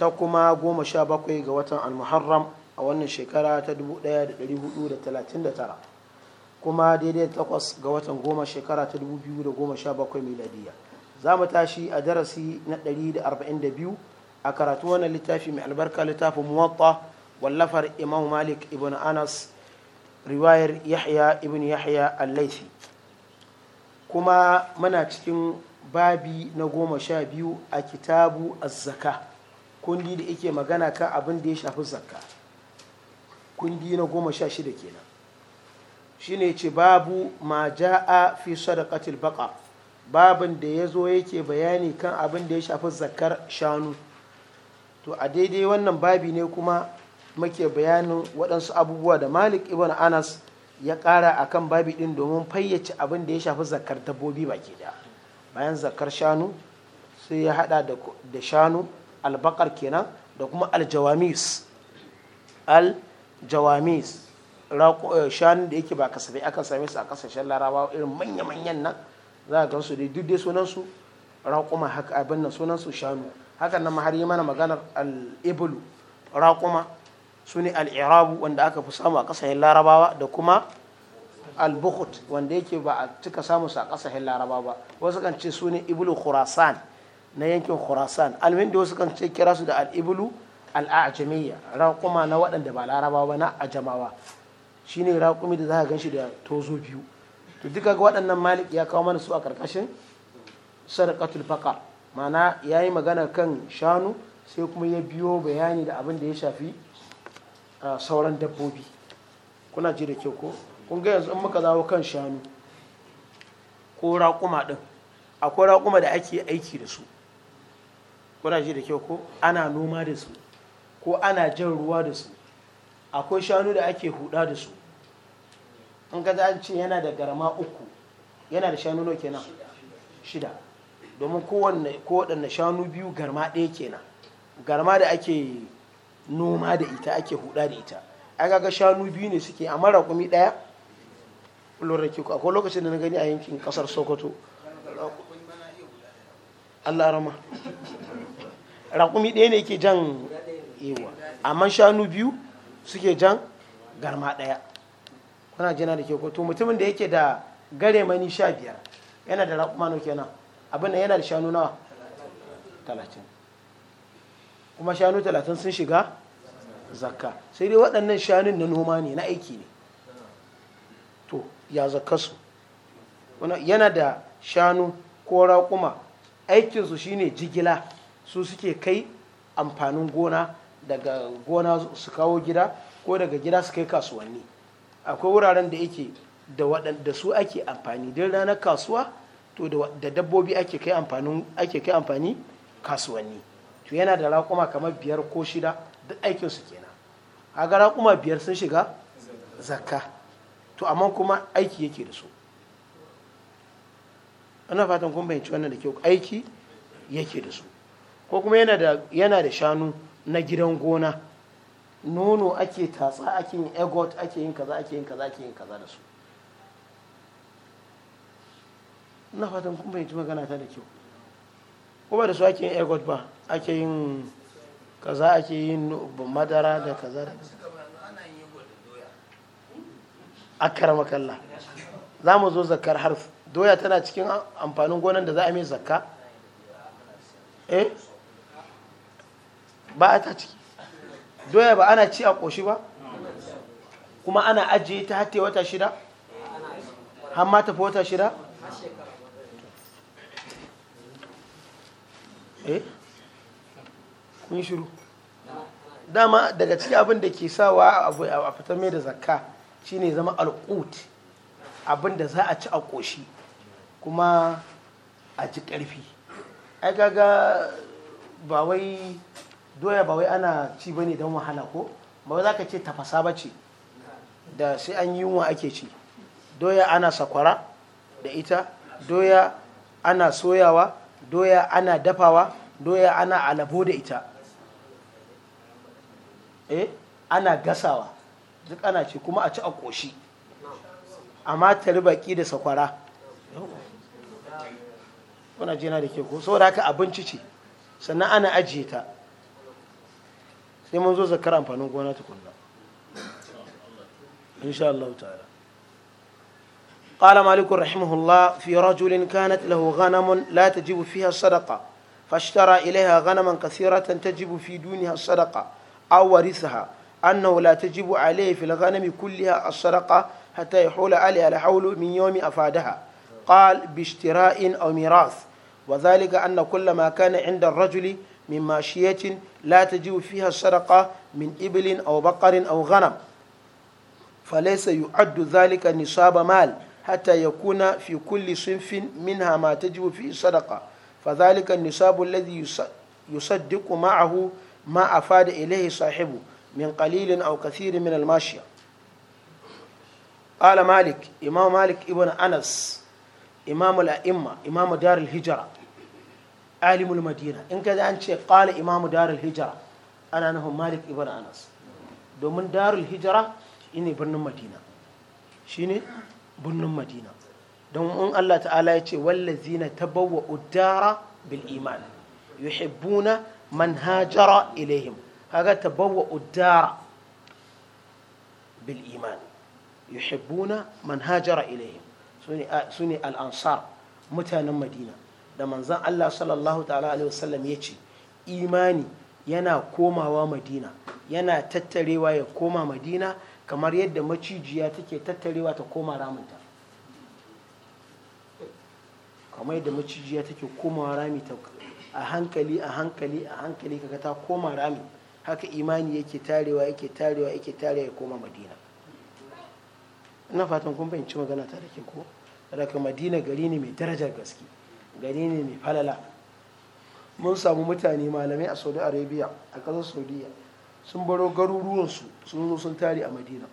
ta kuma goma sha bakwai ga watan almuharram a wannan shekara ta 1439 kuma daidai takwas ga watan goma shekara ta 2017 miladiya za mu tashi a darasi na 142 a karatu wannan littafi mai albarka littafin muwatta wallafar imam malik ibn anas riwayar yahya ibn yahya al-laifi kuma muna cikin babi na goma sha biyu a kitabu az-zaka kundi da yake magana kan abin da ya shafi zakka kundi na goma sha shida kenan shine ce babu ma ja'a fi sadaqatil baqar babin da ya zo yake bayani kan abin da ya shafi zakar shanu to a daidai wannan babi ne kuma muke bayanin waɗansu abubuwa da malik ibn anas ya ƙara a kan babi ɗin domin fayyace abin da ya shafi zakar dabbobi baki da bayan zakar shanu sai ya haɗa da shanu albakar kenan da kuma aljawamis aljawamis eh, shanun da yake ba kasafai aka same su a kasashen larabawa irin manya-manyan nan za a gansu dai duk dai sunansu raƙuma haka abin nan sunansu shanu hakan nan har yi mana maganar al'ibulu raƙuma su ne al'irabu wanda aka fi samu a kasashen larabawa da kuma al wanda yake ba a cika samu su a kasashen larabawa wasu kan ce su ne ibulu khurasan na yankin khurasan almin da wasu kan ce kira su da al al-ajamiyya raƙuma na waɗanda ba laraba ba na ajamawa shine raƙumi da za ka ganshi da tozo biyu to duka ga waɗannan malik ya kawo mana su a ƙarƙashin sadaqatul faqar ma'ana yayi magana kan shanu sai kuma ya biyo bayani da abin da ya shafi sauran dabbobi kuna ji da kyau ko kun ga yanzu in muka zawo kan shanu ko raƙuma ɗin akwai raƙuma da ake aiki da su kuna ji da kyau ko ana noma da su ko ana jan ruwa da su akwai shanu da ake huda da su in ka an ce yana da garma uku yana da shanu nawa kenan shida domin kowanne shanu biyu garma ɗaya kenan garma da ake noma da ita ake huda da ita a gaga shanu biyu ne suke mara kumi ɗaya lura ke ku akwai lokacin da na gani a yankin kasar sokoto Allah rama raƙumi ɗaya ne ke jan ewa amma shanu biyu suke jan garma ɗaya kuna jina da ke kwato mutumin da yake da gare mani sha biyar yana da raƙuma nau kenan abin yana da shanu nawa talatin kuma shanu talatin sun shiga zakka sai dai waɗannan shanun na noma ne na aiki ne to ya zakka su yana da shanu ko raƙuma aikinsu shine jigila su suke kai amfanin gona daga gona su kawo gida ko daga gida su kai kasuwanni akwai wuraren da yake da waɗanda su ake amfani don ranar kasuwa to da dabbobi ake kai kai amfani kasuwanni to yana da raƙuma kamar biyar ko shida duk aikinsu kenan haga raƙuma biyar sun shiga zakka to amma kuma aiki yake da su ana fatan kun fahimci wannan da kyau aiki yake da su ko kuma yana da shanu na gidan gona nono ake tatsa ake yin egot ake yin kaza ake yin kaza ake yin kaza da su ina fatan kun bayyanci magana ta da kyau ko ba da su ake yin egot ba ake yin kaza ake yin madara da kaza da a akar makalla za mu zo zakar harf doya tana cikin amfanin gonan da za a mai zakka eh ba a ta ciki doya ba ana ci a ƙoshi ba kuma ana ajiye ta hatta wata shida har ma tafi wata shida eh kun shiru dama daga ciki abin da ke sawa abu a fitar mai da zakka shine zama alƙut abin da za a ci a ƙoshi kuma a ji ƙarfi ai kaga ba wai doya ba wai ana ci bane don wahala ko ba za ka ce tafasa ba ce da sai an yi yunwa ake ci doya ana sakwara da ita doya ana soyawa doya ana dafawa doya ana alabo da ita eh ana gasawa duk ana ci kuma a ci a ƙoshi amma tari da sakwara kuna jina da ke ko saboda haka abinci ce sannan ana ajiye ta sai mun zo zakar amfanin gona tukunna إن شاء الله تعالى قال مالك رحمه الله في رجل كانت له غنم لا تجب فيها الصدقة فاشترى إليها غنما كثيرة تجب في دونها الصدقة أو ورثها أنه لا تجب عليه في الغنم كلها الصدقة حتى يحول عليها الحول من يوم أفادها قال باشتراء أو ميراث وذلك أن كل ما كان عند الرجل من ماشية لا تجب فيها الصدقة من إبل أو بقر أو غنم فليس يعد ذلك نصاب مال حتى يكون في كل صنف منها ما تجب فيه الصدقة فذلك النصاب الذي يصدق معه ما أفاد إليه صاحبه من قليل أو كثير من الماشية قال مالك إمام مالك ابن أنس إمام الأئمة إمام دار الهجرة alimul madina in ka an ce qala imamu darul hijra ana nufin malik ibn anas domin darul hijra shine birnin madina ne birnin madina don in Allah ta'ala ya ce wallazina tabawwa uddara bil iman yuhibbuna man hajara ilaihim kaga tabawwa uddara bil iman yuhibbuna man hajara ilaihim sune al ansar mutanen madina da manzan Allah sallallahu ta'ala alaihi wasallam ya ce imani yana komawa madina yana tattarewa ya koma madina kamar yadda macijiya take tattarewa ta koma ramunta kamar yadda macijiya take komawa rami ta a hankali a hankali a hankali kaga ta koma rami haka imani yake tarewa yake tarewa yake tarewa ya koma madina ina fatan kun fahimci magana ta da ke ko daga madina gari ne mai darajar gaske gari ne mai falala mun samu mutane malamai a saudi arabia a ƙasar saudiya sun baro garuruwansu sun zo sun tare a madina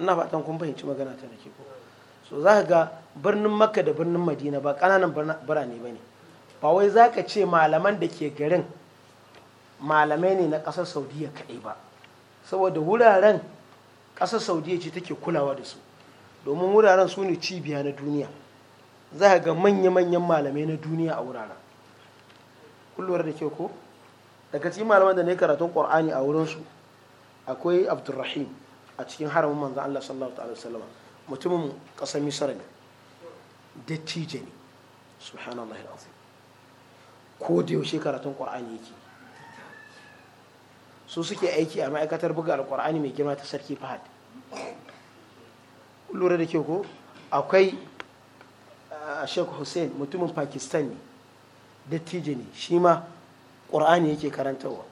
ina fatan kun fahimci magana ta nake ko so za ka ga birnin makka da birnin madina ba ƙananan birane ba ne ba wai za ka ce malaman da ke garin malamai ne na ƙasar saudiya kaɗai ba saboda wuraren ƙasar saudiya ce take kulawa da su domin wuraren su ne cibiya na duniya za ka ga manya-manyan malamai na duniya a wuraren kullum da ke ko daga cikin malaman da ne karatun qur'ani a wurinsu akwai abdurrahim a cikin haramun manza allah sallallahu alaihi wasallam mutumin ƙasar misar ne dattijo ne subhanallah alazim ko da yaushe karatun qur'ani yake su suke aiki a ma'aikatar buga alqur'ani mai girma ta sarki fahad kullum da ke ko akwai Sheikh Hussein mutumin Pakistan ne dattijo ne shi ma ƙur'ani yake karantarwa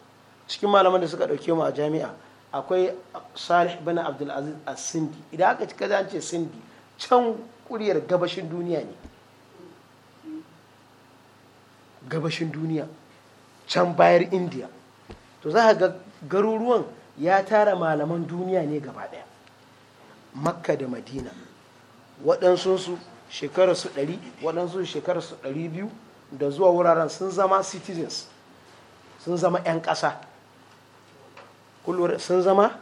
cikin malaman da suka ɗauke mu a jami'a akwai Salih bin Abdul Aziz a sindi idan aka cika an ce Sindi can kuriyar gabashin duniya ne gabashin duniya can bayar Indiya to za ga garuruwan ya tara malaman duniya ne gaba ɗaya makka da madina su. shekarar su 100 waɗansu shekarar su 200 biyu da zuwa wuraren sun zama citizens sun zama 'yan ƙasa sun zama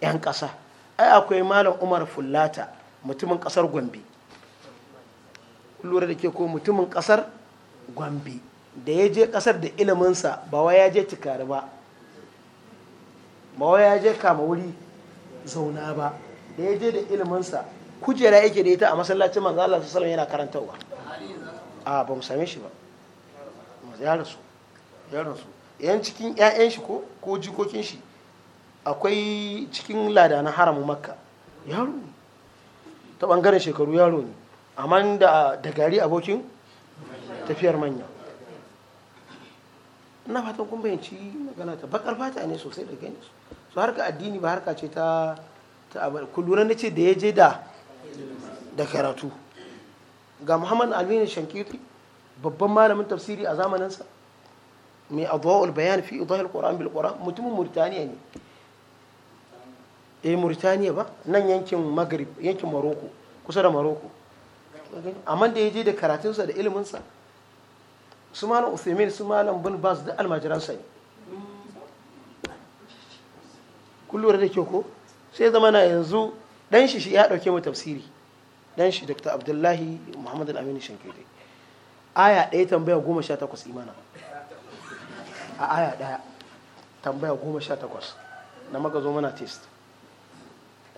'yan ƙasa ai akwai malam umar fullata mutumin ƙasar gombe kullum da ke ko mutumin ƙasar gombe da ya je ƙasar da iliminsa ba wa ya je tikari ba ba wa ya je kama wuri zauna ba da ya je da iliminsa kujera yake da ita a masallacin manzo Allah sallallahu alaihi yana karantawa a ba mu same shi ba ya rasu ya rasu yan cikin ƴaƴan shi ko ko jikokin shi akwai cikin lada na haramun makka yaro ne ta bangaren shekaru yaro ne amma da da gari abokin tafiyar manya ina fatan kun bayanci magana ta bakar fata ne sosai da gani su harka addini ba harka ce ta ta abin kullum na ce da ya je da da karatu ga muhammad albani shankiti babban malamin tafsiri a zamaninsa mai adwa'ul bayan fi idahil qur'an bil qur'an mutumin murtaniya ne eh murtaniya ba nan yankin maghrib yankin maroko kusa da maroko amma da ya je da karatunsa da iliminsa su malam uthaymin su malam bin bas da almajiransa ne kullum da ke ko sai zama na yanzu dan shi shi ya dauke mu tafsiri dan shi Dr. Abdullahi Muhammad Al-Amin aya ɗaya tambaya goma sha takwas imana a aya ɗaya tambaya goma sha takwas na maka zo mana test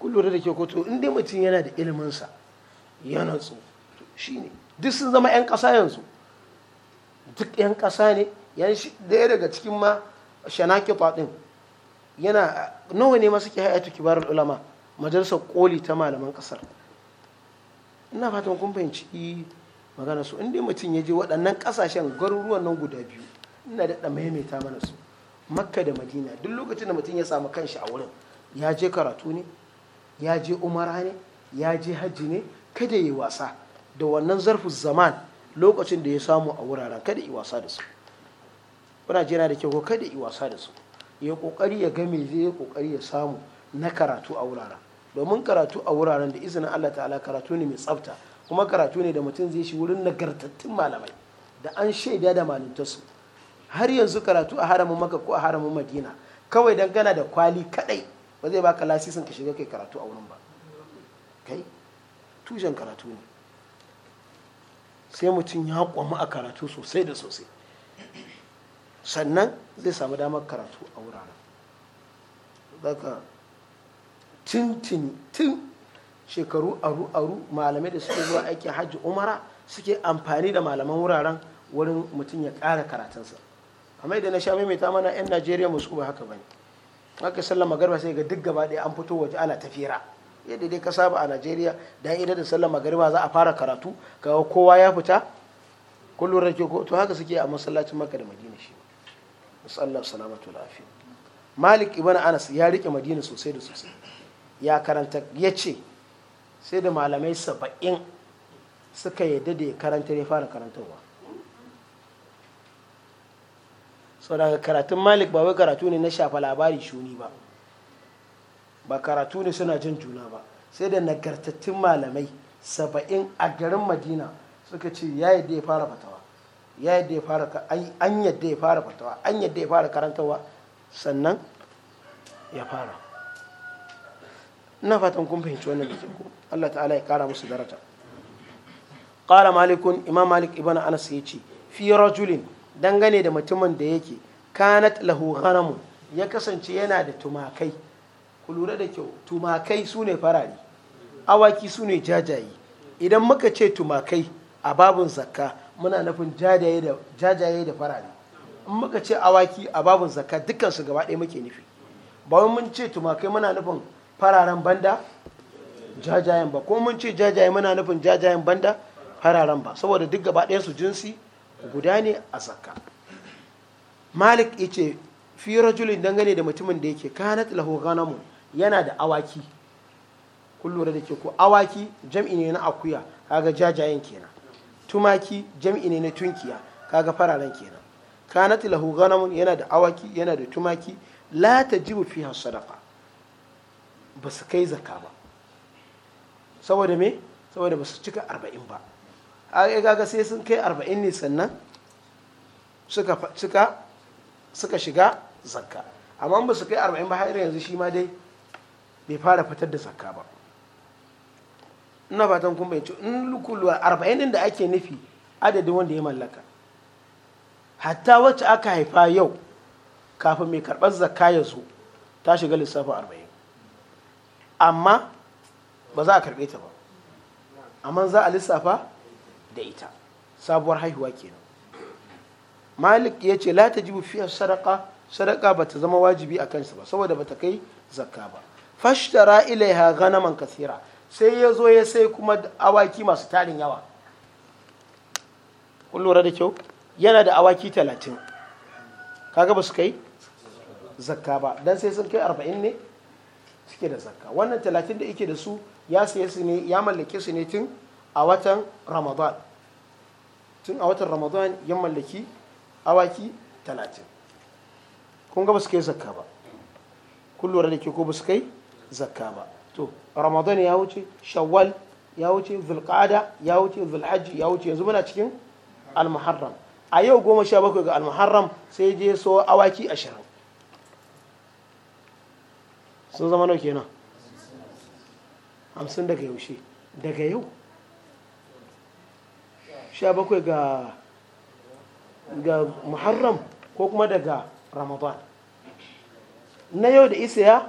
kun da ke koto in dai mutum yana da iliminsa yana tso shi ne duk sun zama 'yan ƙasa yanzu duk 'yan ƙasa ne yan shi ɗaya daga cikin ma shanaki faɗin yana nawa ne masu ke hayatu kibarul ulama majalisar koli ta malaman kasar ina fatan kun fahimci magana su inda mutum ya je waɗannan ƙasashen garuruwan nan guda biyu ina da maimaita mana su makka da madina duk lokacin da mutum ya samu kanshi a wurin ya je karatu ne ya je umara ne ya je hajji ne kada ya wasa da wannan zarfin zaman lokacin da ya samu a wuraren kada ya wasa da su kuna jina da kyau kada ya wasa da su ya kokari ya game zai ya kokari ya samu na karatu a wuraren domin karatu a wuraren da izinin Allah ta'ala karatu ne mai tsafta kuma karatu ne da mutum zai shi wurin nagartattun malamai da an shaida da malintarsu har yanzu karatu a haramun maka ko a haramun madina kawai dan gana da kwali kadai ba zai baka lasisin ka shiga kai karatu a wurin ba kai tushen karatu ne sai mutum ya kwamu a karatu sosai da sosai sannan zai samu damar karatu a wuraren tin shekaru aru-aru malamai da suke zuwa aikin hajji umara suke amfani da malaman wuraren wurin mutum ya ƙara karatunsa amma da na sha maimaita mana 'yan najeriya musu ba haka bane haka sallar magarba sai ga duk gaba ɗaya an fito waje ana tafira yadda dai ka saba a najeriya da ina da sallar magarba za a fara karatu ga kowa ya fita kullum rake ko to haka suke a masallacin maka da madina shi musallar salamatu lafiya malik ibn anas ya rike madina sosai da sosai ya karanta ya ce sai da malamai saba'in suka yadda da ya karanta ya fara karantarwa sau daga karatun malik ba wai karatu ne na shafa labari shuni ba ba karatu ne suna jin juna ba sai da nagartattun malamai saba'in a garin madina suka ce ya yadda ya fara fatawa ya yadda ya fara an yadda ya fara fatawa an yadda ya fara karantarwa sannan ya fara ina fatan kun fahimci wannan da ku Allah ta'ala ya kara musu daraja qala malikun imam malik ibn anas yace fi rajulin dangane da mutumin da yake kanat lahu ghanamun ya kasance yana da tumakai ku lura da kyau tumakai sune farari awaki sune jajaye idan muka ce tumakai a babun zakka muna nufin jajaye da farari in muka ce awaki a babun zakka dukkan su gaba ɗaya muke nufi ba mun ce tumakai muna nufin fararen banda jajayen ba ko mun ce jajaye muna nufin jajayen banda fararen ba saboda duk gaba ɗaya su jinsi guda ne a zakka malik ce fi rajulin dangane da mutumin da yake kanat lahu ganamu yana da awaki kun lura da ke ko awaki jam'i ne na akuya kaga jajayen kenan tumaki jam'i ne na tunkiya kaga fararen kenan kanat lahu ganamun yana da awaki yana da tumaki la tajibu fiha sadaqa ba su kai zaka ba saboda me saboda ba su cika arba'in ba a gaga sai sun kai arba'in ne sannan suka shiga zakka amma ba su kai arba'in ba har yanzu shi ma dai bai fara fitar da zakka ba ina fatan kun bai in lukuluwa arba'in din da ake nufi adadin wanda ya mallaka hatta wacce aka haifa yau kafin mai karɓar zakka ya zo ta shiga lissafin arba'in amma ba za a karɓe ta ba amma za a lissafa da ita sabuwar haihuwa kenan malik ya ce la ta jibu fiye sadaka sadaka ba ta zama wajibi a kansa ba saboda ba ta kai zakka ba fashtara ilaiha ganaman kasira sai ya zo ya sai kuma awaki masu tarin yawa kun da kyau yana da awaki talatin kaga ba su kai zakka ba dan sai sun kai arba'in ne suke da zakka wannan talatin da yake da su ya saye su ne ya mallake su ne tun a watan ramadan tun a watan ramadan ya mallaki awaki talatin kun ga ba su kai zakka ba kun da ke ko ba su kai zakka ba to ramadan ya wuce shawwal ya wuce zulqa'ada ya wuce zulhajji ya wuce yanzu muna cikin almuharram a yau goma sha bakwai ga almuharram sai je so awaki ashirin sun zama nau kenan hamsin daga yaushe daga yau sha bakwai ga ga muharram ko kuma daga ramadan na yau da isiya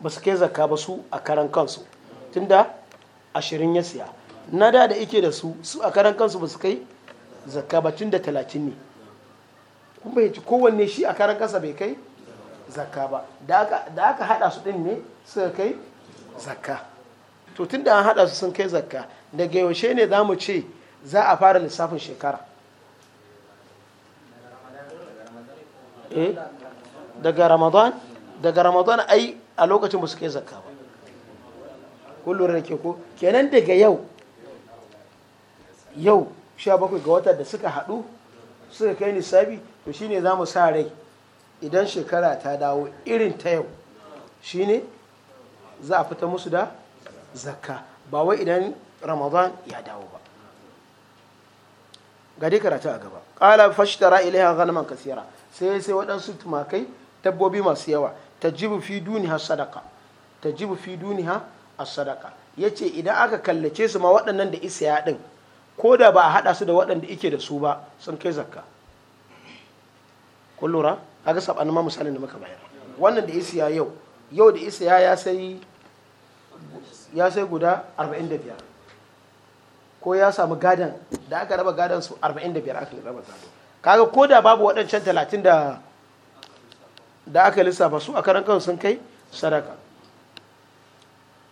ba su kai zakka ba su a karan kansu tunda ashirin ya siya na da da ike da su su a karan kansu ba su kai zakka ba tun da talatin ne ya ci kowanne shi a karan kansa bai kai zakka ba da aka hada su din ne suka kai zakka to tun da an hada su sun kai zakka daga yaushe ne za mu ce za a fara lissafin shekara eh, daga ramadan daga ramadan ai a lokacin ba su kai zakka ba kullum da ke ko kenan daga yau yau 17 ga watan da suka hadu suka kai nisabi to shine za mu sa rai idan shekara ta dawo irin ta yau shi ne za a fita musu da zakka ba wai idan ramadan ya dawo ba ga dai karatu a gaba ƙala fashtara ilaiha ganaman kasira sai sai waɗansu tumakai dabbobi masu yawa ta jibu fi duniya sadaka ta jibu fi duniya a sadaka ya ce idan aka kallace su ma waɗannan da isa yaɗin ko da ba a haɗa su da waɗanda ike da su ba sun kai zakka kullura. kaga sabanin ma misalin da muka bayar wannan da isiya yau yau da isiya ya sai ya sai guda 45 ko ya samu gadan da aka raba gadan su 45 aka raba gado kaga ko da babu waɗancan 30 da da aka lissafa su a karan kan sun kai sadaka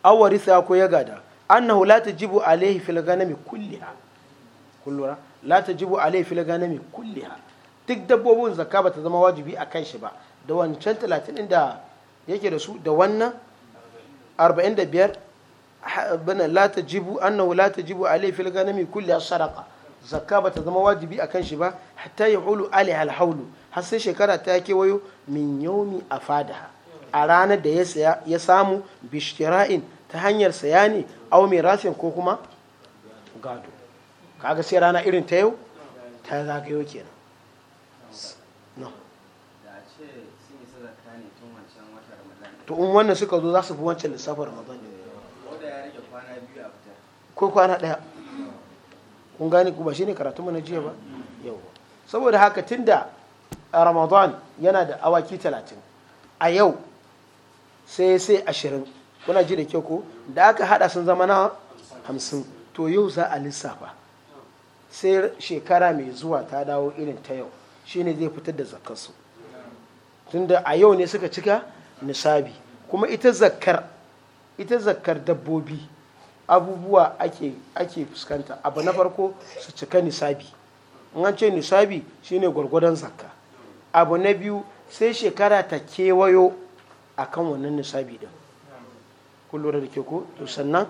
awarisa ko ya gada annahu la tajibu alaihi fil ganami kulliha kullura la tajibu alaihi fil ganami kulliha duk dabbobin zaka ba ta zama wajibi a kan shi ba da wancan talatin da yake da su da wannan arba'in da biyar bana la ta jibu annahu la ta jibu alai fil ganami kulli sadaqa zakka ba ta zama wajibi a kan shi ba hatta ya hulu ali alhaulu haulu har sai shekara ta kewayo min yaumi afadaha a ranar da ya samu bishtira'in ta hanyar saya ne au mirasin ko kuma gado kaga sai rana irin ta yau ta zagayo kenan no to in wannan suka zo za su fi wancan lissafin ramadan ko kwana ɗaya kun gane ku ba ne karatu mana jiya ba yau saboda haka da ramadan yana da awaki talatin a yau sai sai ashirin kuna ji da kyau ko da aka hada sun zama na hamsin to yau za a lissafa sai shekara mai zuwa ta dawo irin ta yau shine zai fitar da zakarsu tunda a yau ne suka cika nisabi kuma ita zakar ita zakar dabbobi abubuwa ake fuskanta abu na farko su cika nisabi in an ce nisabi shine gwargwadon zakka abu na biyu sai shekara ta kewayo akan wannan nisabi din kun lura da ke ko to sannan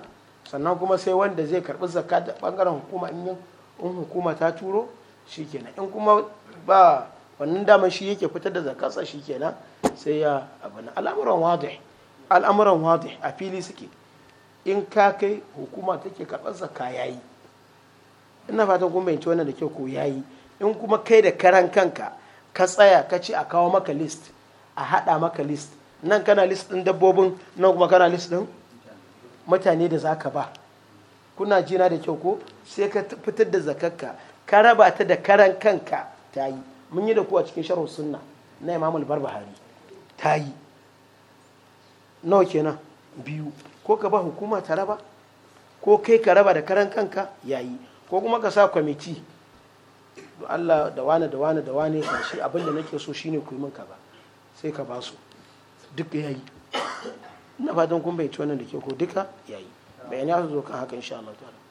sannan kuma sai wanda zai karɓi zakka da ɓangaren hukuma in hukuma ta turo shi kenan in kuma ba wannan daman shi yake fitar da zakasa shi kenan sai ya abin al'amuran wadih al'amuran wadih a fili suke in ka kai hukuma take karɓar ya yayi ina fatan kun bayyance wannan da kyau ko yayi in kuma kai da karan kanka ka tsaya ka ce a kawo maka list a haɗa maka list nan kana list ɗin dabbobin nan kuma kana list ɗin mutane da zaka ba kuna jina da kyau ko sai ka fitar da zakarka ka raba ta da karan kanka ta yi mun yi da ku a cikin sharhu sunna na imamul barbahari ta yi nawa kenan biyu ko ka ba hukuma ta raba ko kai ka raba da karan kanka yayi ko kuma ka sa kwamiti Allah da wane da wane da wane ka shi abin da nake so shine ku yi min ba sai ka ba su duk yayi ina fatan kun bai ci wannan da ke ko duka yayi bayani ya zo kan haka insha Allah ta'ala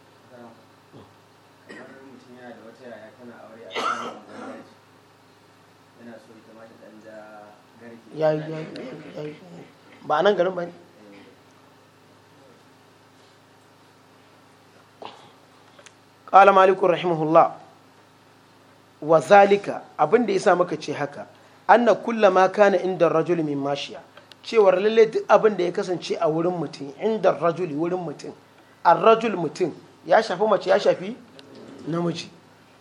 ya yi ba nan garin ba ne ƙala malikun rahimahullah wa zalika abin da yasa maka ce haka anna kulla ma kana inda rajul min mashiya cewar lalle duk abin da ya kasance a wurin mutum inda rajul wurin mutum a rajul mutum ya shafi mace ya shafi namiji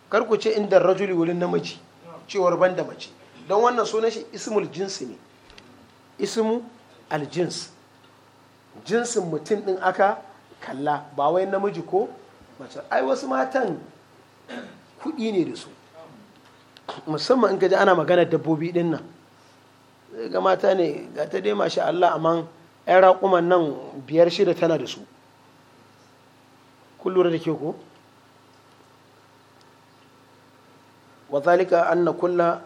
kar ku ce inda rajul wurin namiji cewar banda mace don wannan sunan shi ismul jinsi ne ismu aljins jinsin mutum din aka kalla ba wai namiji ko mace ai wasu matan kuɗi ne da su musamman in gaji ana magana dabbobi din nan ga mata ne ga ta dai masha Allah amma yan raƙuman nan biyar shida tana da su kun lura da ke ko wa zalika anna kulla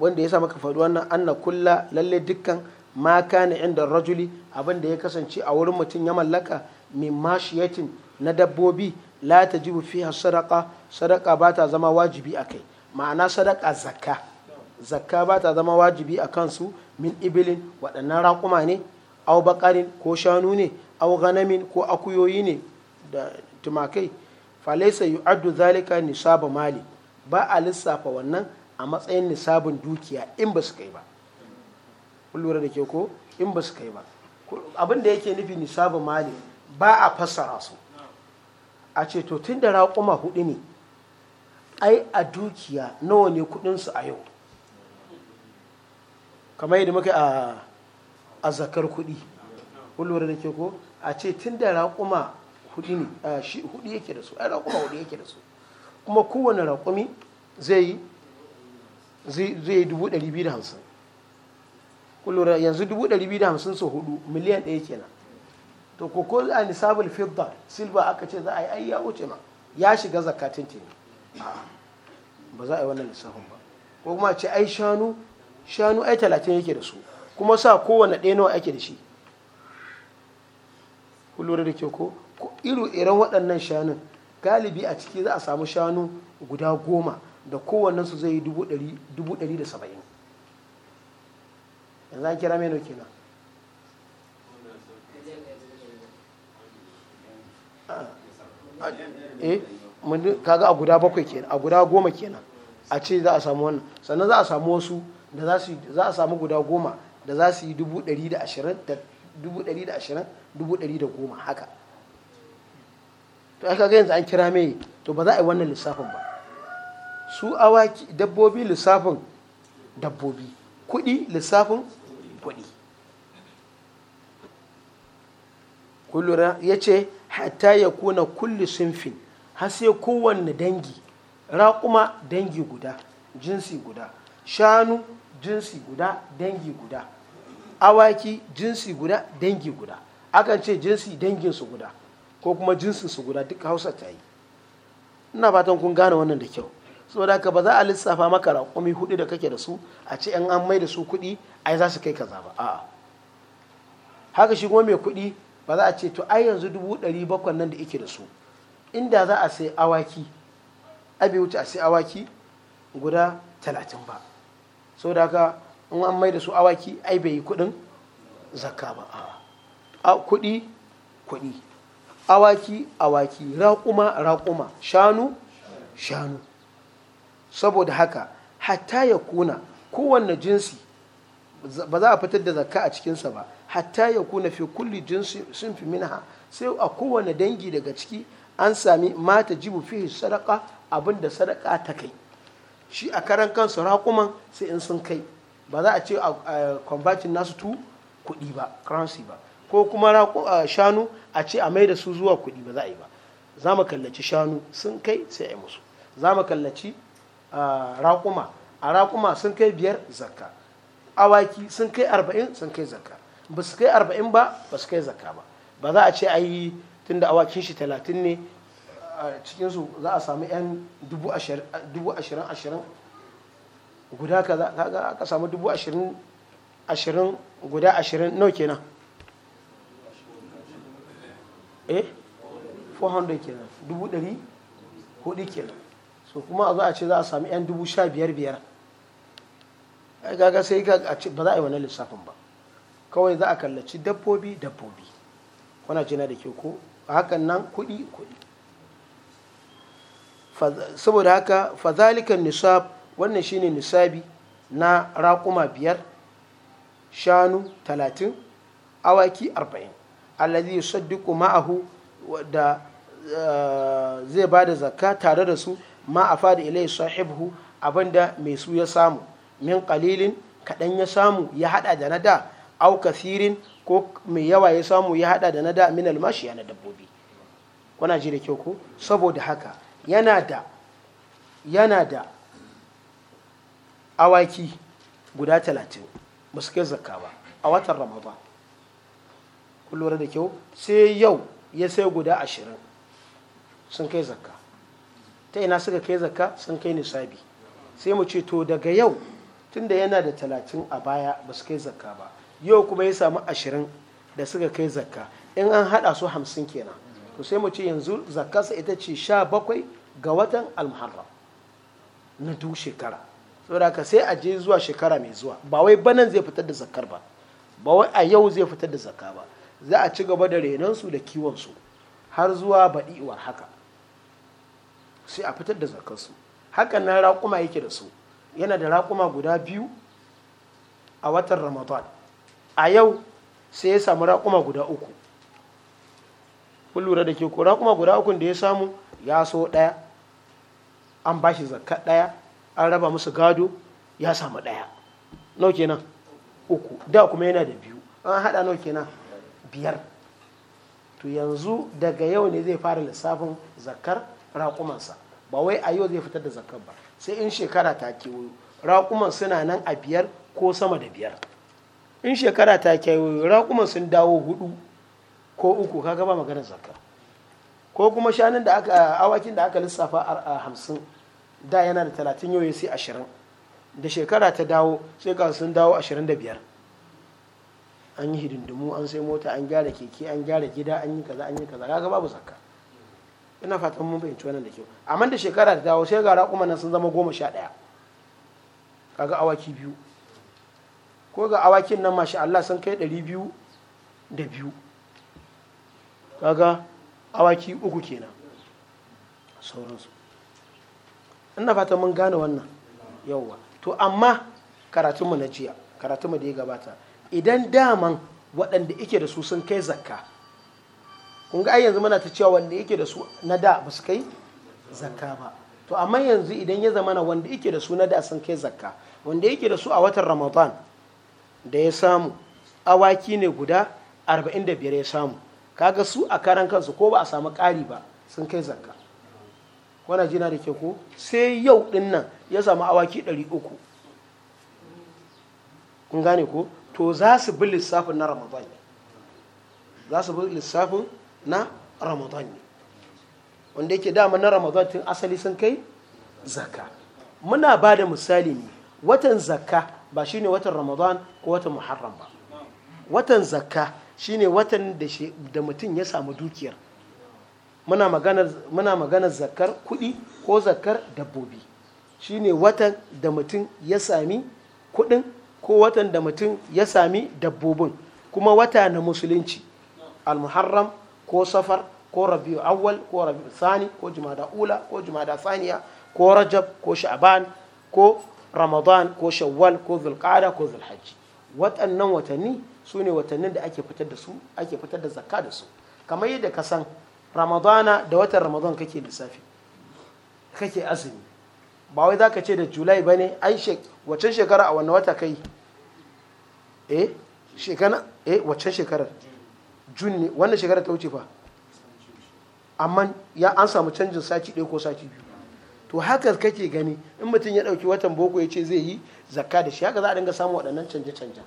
wanda ya sa maka faɗi wannan anna kulla lalle dukkan ma kana inda rajuli abin da ya kasance a wurin mutum ya mallaka min mashiyatin na dabbobi la tajibu fiha sadaka sadaqa ba ta zama wajibi akai ma'ana sadaka zakka zakka ba ta zama wajibi a kansu min ibilin waɗannan raƙuma ne au bakarin ko shanu ne au ganamin ko akuyoyi ne da tumakai falaisa yu'addu zalika nisaba mali ba a lissafa wannan a matsayin nisabin dukiya in ba su kai ba kullum lura da ke ko in ba su kai ba abinda yake nufi nisabin mali ba a fassara su a ce to tun da raƙuma hudu ne ai a dukiya nawa ne kudinsu a yau kamar yadda muka a zakar kudi kullum lura da ke ko a ce tun da raƙuma hudu ne hudu yake da su ai raƙuma hudu yake da su kuma kowane raƙumi zai yi zai yi dubu ɗari biyu da hamsin kullum yanzu dubu ɗari biyu da hamsin su hudu miliyan ɗaya kenan to ko a nisabul fidda silba aka ce za a yi ayya ya wuce ma ya shiga zakatin tini ba za a yi wannan lissafin ba ko kuma ce ai shanu shanu ai talatin yake da su kuma sa kowane ɗaya nawa ake da shi kullum da ke ko iru irin waɗannan shanun galibi a ciki za a samu shanu guda goma da kowannensu zai yi dubu ɗari da saba'in yanzu an kira meno kenan ah, eh kaga a guda bakwai kenan a guda goma kenan a ce za a samu wannan sannan za a samu wasu da za su za a samu guda goma da za su yi dubu ɗari da ashirin dubu ɗari da ashirin dubu ɗari da goma haka to aka ga yanzu an kira mai to ba za a yi wannan lissafin ba su awaki dabbobi lissafin dabbobi kuɗi lissafin kuɗi kullura ya ce hatta ya kuna kulli sunfin har sai kowanne dangi raƙuma dangi guda jinsi guda shanu jinsi guda dangi guda awaki jinsi guda dangi guda akan ce jinsi danginsu guda ko kuma jinsinsu guda duk hausa ta yi ina fatan kun gane wannan da kyau saboda ka ba za a lissafa maka raƙumi hudu da kake da su a ce an an mai da su kuɗi ai za su kai kaza ba a'a haka shi goma mai kuɗi ba za a ce to ai yanzu dubu ɗari bakwai nan da ike da su inda za a sai awaki abin wuce a sai awaki guda talatin ba saboda ka in an mai da su awaki ai bai yi kuɗin zaka ba a'a kuɗi kuɗi awaki awaki raƙuma raƙuma shanu shanu saboda haka hatta ya kuna kowanne jinsi ba za a fitar da zakka a cikinsa ba hatta ya kuna fi kulli jinsi sun fi minha sai a kowane dangi daga ciki an sami mata jibu fi sadaka abinda sadaka ta kai shi a karan kansu raƙuman sai in sun kai ba za a ce a kwambacin nasu tu kuɗi ba currency ba ko kuma shanu a ce a mai da su zuwa kuɗi ba za a yi ba za mu kallaci shanu sun kai sai a yi musu za mu kallaci raƙuma a raƙuma sun kai biyar zakka awaki sun kai arba'in sun kai zakka ba su kai arba'in ba ba su kai zakka ba ba za a ce a yi tun da awakin shi talatin ne cikinsu za a samu 'yan dubu ashirin ashirin guda kaza kaga aka samu dubu ashirin ashirin guda ashirin nau kenan eh 400 kenan dubu ɗari hudu kenan to kuma a zo a ce za a sami 'yan dubu sha biyar biyar ai gaga sai ba za a yi wani lissafin ba kawai za a kallaci dabbobi dabbobi wana jina da ke ko a hakan nan kuɗi kuɗi saboda haka fazalikan nisab wannan shine nisabi na raƙuma biyar shanu talatin awaki arba'in allazi yusaddiqu ma'ahu da eh, zai ba da zakka tare da su ma a fada ilai sahibhu abinda mai su ya samu min kalilin kaɗan ya samu ya haɗa da na da au kasirin ko mai yawa ya samu ya haɗa da na da min almashi na dabbobi kuna ji da kyau ko saboda haka yana da yana da awaki guda talatin ba su kai zakka ba a watan ramadan kullum da kyau sai yau ya sai guda ashirin sun kai zakka ta ina suka kai zaka sun kai nisabi sai mu ce to daga yau tunda yana da talatin a baya ba su kai zakka ba yau kuma ya samu ashirin da suka kai zakka in an hada su hamsin kenan to sai mu ce yanzu zakkarsa ita ce sha bakwai ga watan almuharram na duk shekara saboda ka sai a je zuwa shekara mai zuwa ba wai banan zai fitar da zakar ba ba wai a yau zai fitar da zakka ba za a ci gaba da renansu da kiwonsu har zuwa baɗiwar haka sai a fitar da zakarsu hakan nan raƙuma yake da su yana da raƙuma guda biyu a watan ramadan a yau sai ya samu raƙuma guda uku kun lura da ke ko raƙuma guda uku da ya samu ya so ɗaya an ba shi zakka ɗaya an raba musu gado ya samu ɗaya nau kenan uku da kuma yana da biyu an haɗa nau kenan biyar to yanzu daga yau ne zai fara lissafin zakkar raƙumansa ba wai a yau zai fitar da zakar ba sai in shekara ta kewayo raƙuman suna nan a biyar ko sama da biyar in shekara ta kewayo raƙuman sun dawo hudu ko uku kaga ba maganar zakka ko kuma shanun da aka awakin da aka lissafa a hamsin da yana da talatin yau ya sai ashirin da shekara ta dawo sai ka sun dawo ashirin da biyar an yi hidindimu an sai mota an gyara keke an gyara gida an yi kaza an yi kaza kaga babu zakka ina fatan mun fahimci wannan da kyau amma da shekara ta dawo sai ga raƙuma nan sun zama goma sha ɗaya kaga awaki biyu ko ga awakin nan masha Allah sun kai ɗari biyu da biyu kaga awaki uku kenan sauransu ina fatan mun gane wannan yauwa to amma karatunmu na jiya karatunmu da ya gabata idan daman waɗanda ike da su sun kai zakka kun ga ai yanzu muna ta cewa wanda yake da su na da ba su kai zakka ba to amma yanzu idan ya zamana wanda yake da su na da sun kai zakka wanda yake da su a watan ramadan da ya samu awaki ne guda 45 ya samu kaga su a karan kansu ko ba a samu ƙari ba sun kai zakka wana jina da ke ko sai yau din nan ya samu awaki 300 kun gane ko to za su bi lissafin na ramadan za su bi lissafin na ramadan ne wanda yake dama na ramadan tun asali sun kai zaka muna ba da misali ne watan zakka ba shi ne watan ramadan ko watan muharram ba watan zakka ne watan da mutum ya samu dukiyar muna maganar zakar kuɗi ko zakar dabbobi shi ne watan da mutum ya sami kuɗin ko watan da mutum ya sami dabbobin kuma wata na musulunci al-muharram ko safar ko rabiu awwal ko rabiu sani ko jumada ula ko jumada saniya ko rajab ko sha'ban ko ramadan ko shawwal ko zulqa'ada ko zulhajji waɗannan watanni su ne watannin da ake fitar da su ake fitar da zakka da su kamar yadda ka san ramadana da watan ramadan kake lissafi kake azumi ba wai za ka ce da julai ba ne ai waccan shekara a wannan wata kai eh shekara eh waccan shekarar jun ne wannan shekara ta wuce fa amma ya an samu canjin sati ɗaya ko sati biyu to haka kake gani in mutum ya ɗauki watan boko ya ce zai yi zakka da shi haka za a dinga samun waɗannan canje-canje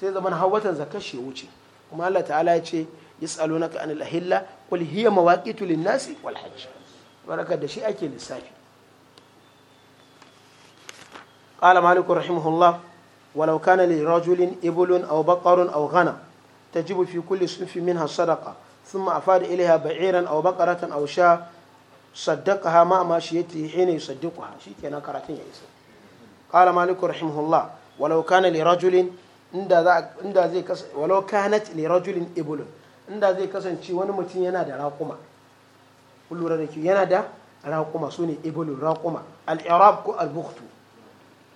sai zama har watan zakka shi ya wuce kuma Allah ta'ala ya ce yas'alunaka anil ahilla qul hiya mawaqitu lin-nasi wal hajj da shi ake lissafi ƙala malik rahimahullah walaukana lirajulin ibulun aw baqarun aw تجب في كل صنف منها الصدقة ثم أفاد إليها بعيرا أو بقرة أو شاة صدقها مع ماشيته حين يصدقها شيء كان كراتين يسوع قال مالك رحمه الله ولو كان لرجل عند ذي ولو كانت لرجل إبل عند ذي كسن شيء ونمتين ينادى راقما كل رجل ينادى raƙuma su ne ibulun raƙuma al'irab ko al-bukhtu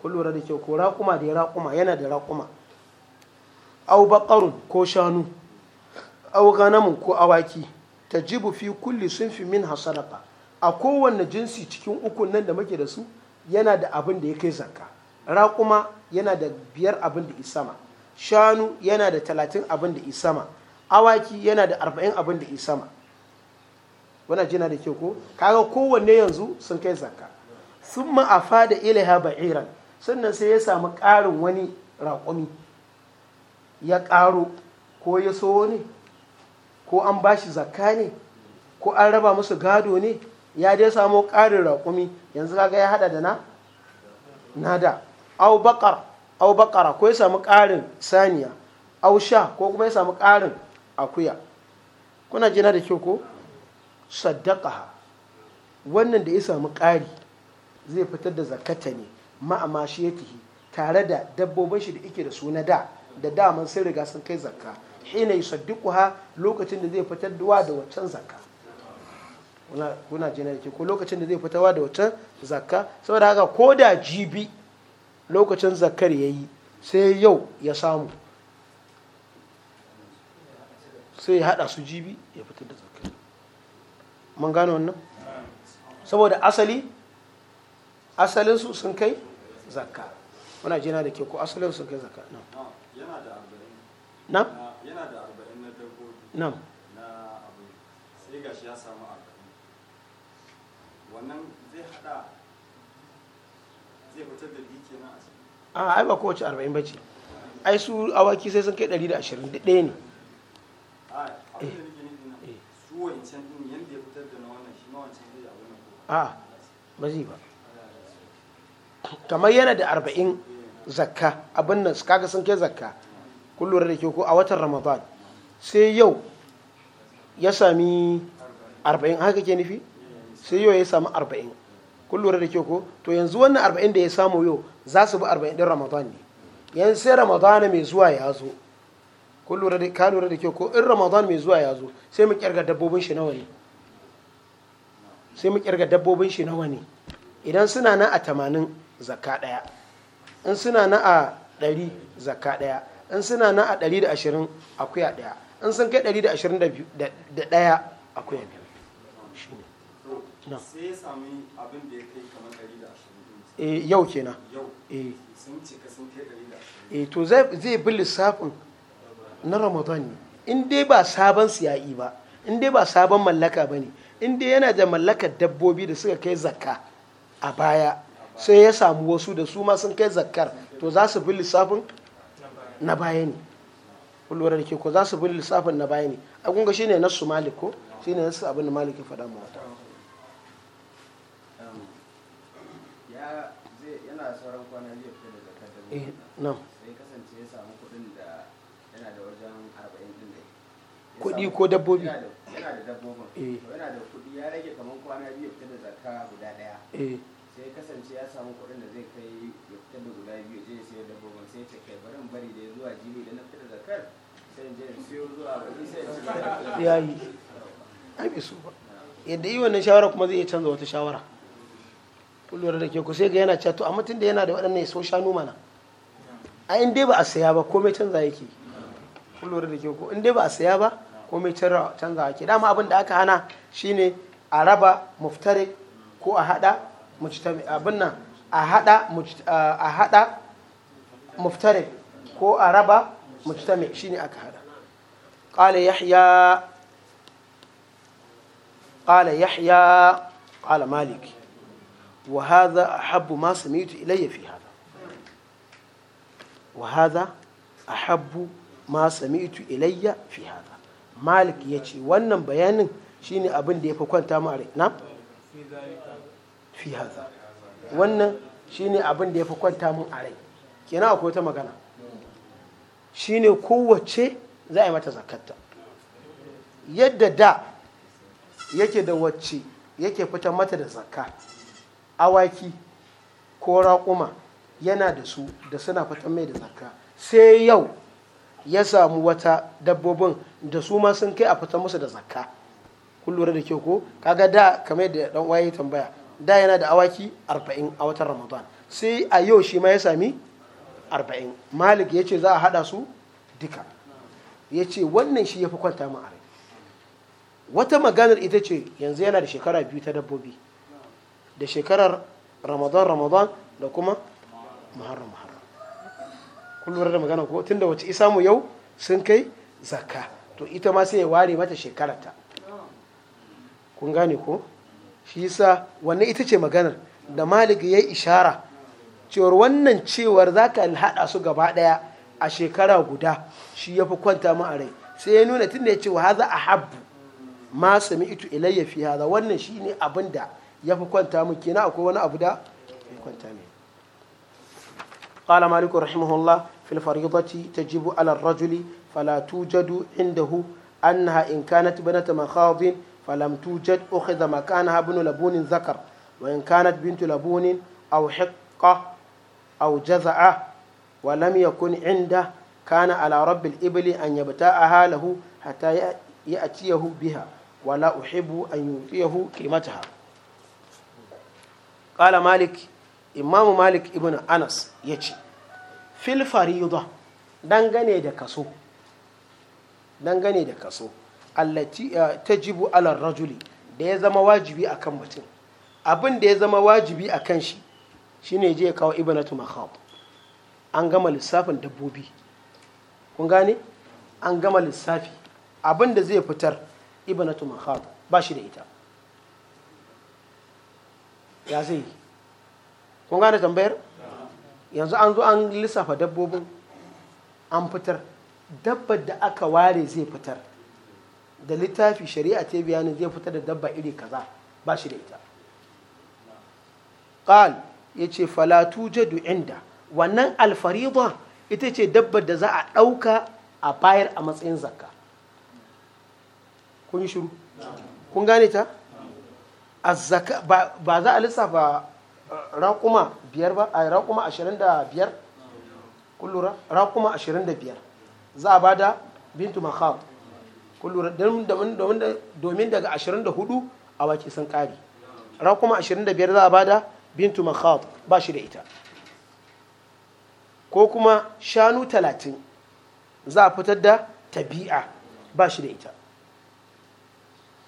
kullum da kyau ko raƙuma da raƙuma yana da raƙuma au baƙarun ko shanu au ganamun ko awaki ta fi kulli sun fi min hasadaka a kowanne jinsi cikin uku nan da muke da su yana da abin da ya kai zakka raƙuma yana da biyar abin da isama shanu yana da talatin abin da isama awaki yana da arba'in abin da isama wana jina da kyau ko kaga kowanne yanzu sun kai zakka sun ma'afa da ilaha ba'iran sannan sai ya samu ƙarin wani raƙumi ya ƙaro ko ya sowo ne ko an ba shi zakka ne ko an raba musu gado ne ya dai samo ƙarin raƙumi yanzu kaga ya hada da na nada au au bakara ko ya samu ƙarin saniya au sha ko kuma ya samu ƙarin akuya kuna jina da kyau ko saddaka wannan da ya samu ƙari zai fitar da zakata ne ma'amashi shi ya tare da dabbobin shi da ike da su na da da daman sun riga sun kai zakka hina ha lokacin da zai fitar da da waccan zakka kuna jina da ke ko lokacin da zai fitarwa da waccan zakka saboda haka ko da jibi lokacin zakkar ya yi sai yau ya samu sai ya hada su jibi ya fitar da zakka mun gano wannan saboda asali asalinsu sun kai zakka muna jina da ke ko asalinsu sun kai zakka yana da arba'in na yana da arba'in na dabbobi na abu sai gashi ya samu arba'in wannan zai hada zai fitar da biyu kenan a ciki a ai ba kowace arba'in ba ce ai su awaki sai sun kai ɗari da ashirin da ɗaya ne a ba zai ba kamar yana da arba'in zakka abin nan kaga sun kai zakka kullum da ke ko a watan ramadan sai yau ya sami arba'in haka ke nufi sai yau ya sami arba'in kullum da ke ko to yanzu wannan arba'in da ya samu yau za su bi arba'in din ramadan ne yan sai ramadan mai zuwa ya zo kullum da ka lura da ke ko in ramadan mai zuwa ya zo sai mu kirga dabbobin shi nawa ne sai mu kirga dabbobin shi nawa ne idan suna nan a tamanin zakka ɗaya in suna na a ɗari zakka ɗaya in suna na a ɗari da ashirin akuya ɗaya in sun kai ɗari da ashirin da ɗaya akuya biyu shi ne sai ya sami abin da ya kai kamar ɗari da ashirin eh, yau kenan yau eh. sun sun kai ɗari da ashirin eh, to zai bi lissafin na ramadan ne in dai ba sabon siyayi ba in dai ba sabon mallaka ba ne in dai yana da mallakar dabbobi da suka kai zakka a baya sai ya samu wasu da su ma sun kai zakkar to za su bi lissafin na baya ne kullum da ke ko za su bi lissafin na baya ne a kunga shine nasu malik ko shine nasu abin da malik ya faɗa mu wata yana sauran kwana zai fita da zakar da eh no sai kasance ya samu kuɗin da yana da wajen arba'in din da kuɗi ko dabbobi yana da dabbobin eh. yana da kuɗi ya rage kamar kwana biyu fita da zakka guda ɗaya eh sai kasance ya samu kuɗin da zai kai ya fitar da guda biyu je sai da goma sai ta kai barin bari da zuwa jibi da na fitar da kar sai je siyo zuwa bari sai ya ci ya yi ai bai so ba yadda yi wannan shawara kuma zai iya canza wata shawara kullum da ke ku sai ga yana cewa to amma tunda yana da waɗannan so shanu mana hmm. a in dai ba a saya ba komai canza yake kullum da ke ku in dai ba a saya ba komai canza yake dama abin da aka hana shine a raba muftare ko a hada mujtami abin nan a hada a hada muftarid ko a raba mujtami shine aka hada qala yahya qala yahya qala malik wa hadha ahabbu ma sami'tu ilayya fi hadha wa hadha ahabbu ma sami'tu ilayya fi hadha malik yace wannan bayanin shine abin da ya yafi kwanta mu a na fi haza wannan shine abin da ya fi kwanta mun a rai kenan akwai wata magana shine kowace za a yi mata zakatta yadda da yake da wacce yake fitar mata da zakka awaki ko raƙuma yana da su da suna fitar mai da zakka sai yau ya samu wata dabbobin da su ma sun kai a fitar musu da zakka kun da kyau ko kaga da kamar da dan waye tambaya da yana da awaki arba'in a watan ramadan sai a yau shi ma ya sami arba'in malik ya ce za a haɗa su duka ya ce wannan shi ya fi kwanta mu a wata maganar ita ce yanzu yana da shekara biyu ta dabbobi da shekarar ramadan ramadan da kuma muharram muharram kun da magana ko tunda wace isa mu yau sun kai zakka to ita ma sai ya ware mata shekararta kun gane ko shi yasa wannan ita ce maganar da malik ya yi ishara cewar wannan cewar za ka su gaba ɗaya a shekara guda shi ya fi kwanta mu a rai sai ya nuna tun da ya ce wa haza a habbu ma sami itu ilayya fi haza wannan shi ne abin da ya fi kwanta mu kenan akwai wani abu da ya kwanta mu قال مالك رحمه الله في الفريضة تجب على الرجل فلا توجد عنده أنها إن كانت بنت مخاض فلم توجد أخذ مكانها ابن لبون ذكر وإن كانت بنت لبون أو حقة أو جزعة ولم يكن عنده كان على رب الإبل أن يبتاعها له حتى يأتيه بها ولا أحب أن يعطيه قيمتها قال مالك إمام مالك ابن أنس يجي في الفريضة دنغني دكسو دنغني دكسو allati eh, tajibu ala rajuli da ya zama wajibi akan mutum abin da ya zama wajibi akan shi shine je ya kawo ibnatu makhab an gama lissafin dabbobi kun gane an gama lissafi abin da zai fitar ibnatu makhab ba shi da ita ya zai yi kun gane tambayar yanzu an zo an lissafa dabbobin an fitar dabbar da aka ware zai fitar da littafi shari'a ce bayanin zai fitar da dabba iri kaza ba shi da ita qal yace fala tujadu inda wannan alfarida ita ce dabbar da za a ɗauka a bayar a matsayin zakka kun yi shiru kun gane ta ba za a lissafa uh, rakuma biyar ba a raƙuma ashirin da biyar kullura raƙuma ashirin da biyar za a bada bintu makhab lura domin daga 24 awaki sun kare ra kuma 25 za a bada bintu Makhawar ba shi da ita ko kuma shanu 30 za a fitar da tabi'a ba shi da ita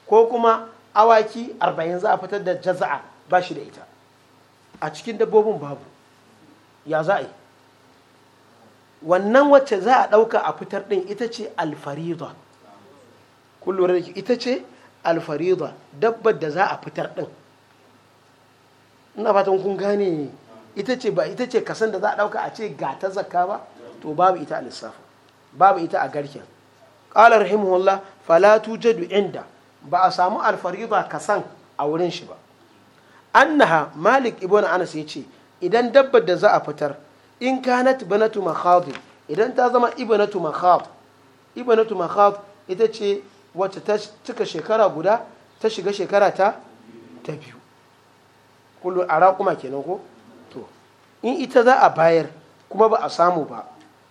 ko kuma awaki 40 za a fitar da jaza'a ba shi da ita a cikin dabbobin babu ya za a yi wannan wacce za a ɗauka a fitar ɗin ita ce alfaridon kun lura da ita ce alfarida dabbar da za a fitar din ina fatan kun gane ita ce ba ita ce kasan da za a dauka a ce ga ta zakka ba to babu ita a lissafin babu ita a garken qala rahimahullah fala tujadu inda ba a samu alfarida kasan a wurin shi ba annaha malik ibn anas ce idan dabbar da za a fitar in kanat banatu makhadib idan ta zama ibnatu makhad ibnatu makhad ita ce wacce ta cika shekara guda ta shiga shekara ta ta biyu kullum a raƙuma kenan ko to in ita za a bayar kuma ba a samu ba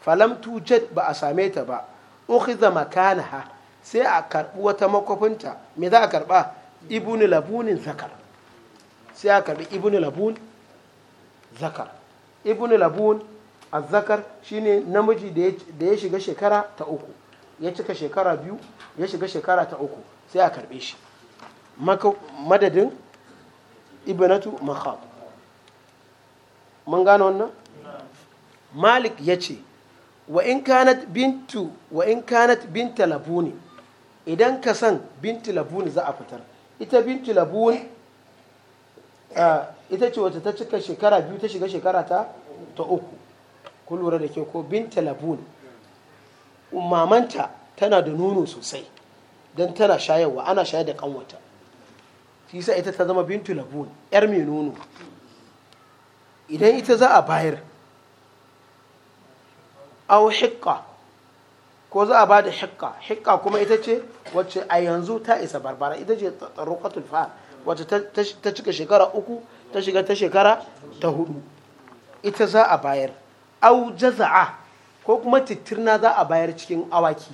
falam tujad ba a same ta ba makana makanaha sai a karɓi wata makwafinta me za a karɓa ibnu labunin zakar sai a karɓi ibnu labun zakar ibnu labun azzakar shine namiji da ya shiga shekara ta uku ya cika shekara biyu ya shiga shekara ta uku sai a karbe shi madadin ibnatu makhab mun gano wannan malik ya ce wa in kanat bintu wa in kanat binta labuni idan ka san binti labuni za a fitar ita binti labuni ita ce wata ta cika shekara biyu ta shiga shekara ta uku ku lura da ke ko binta labuni Umamanta tana da nono sosai don tana shayarwa ana shayar da kanwata shi sa ita ta zama bintu labun yar mai nono idan ita za a bayar au hikka ko za a ba da hikka hikka kuma ita ce wacce a yanzu ta isa barbara ita ce tsarokatul fa wacce ta cika shekara uku ta shiga ta shekara ta hudu ita za a bayar au jaza'a ko kuma titirna za a bayar cikin awaki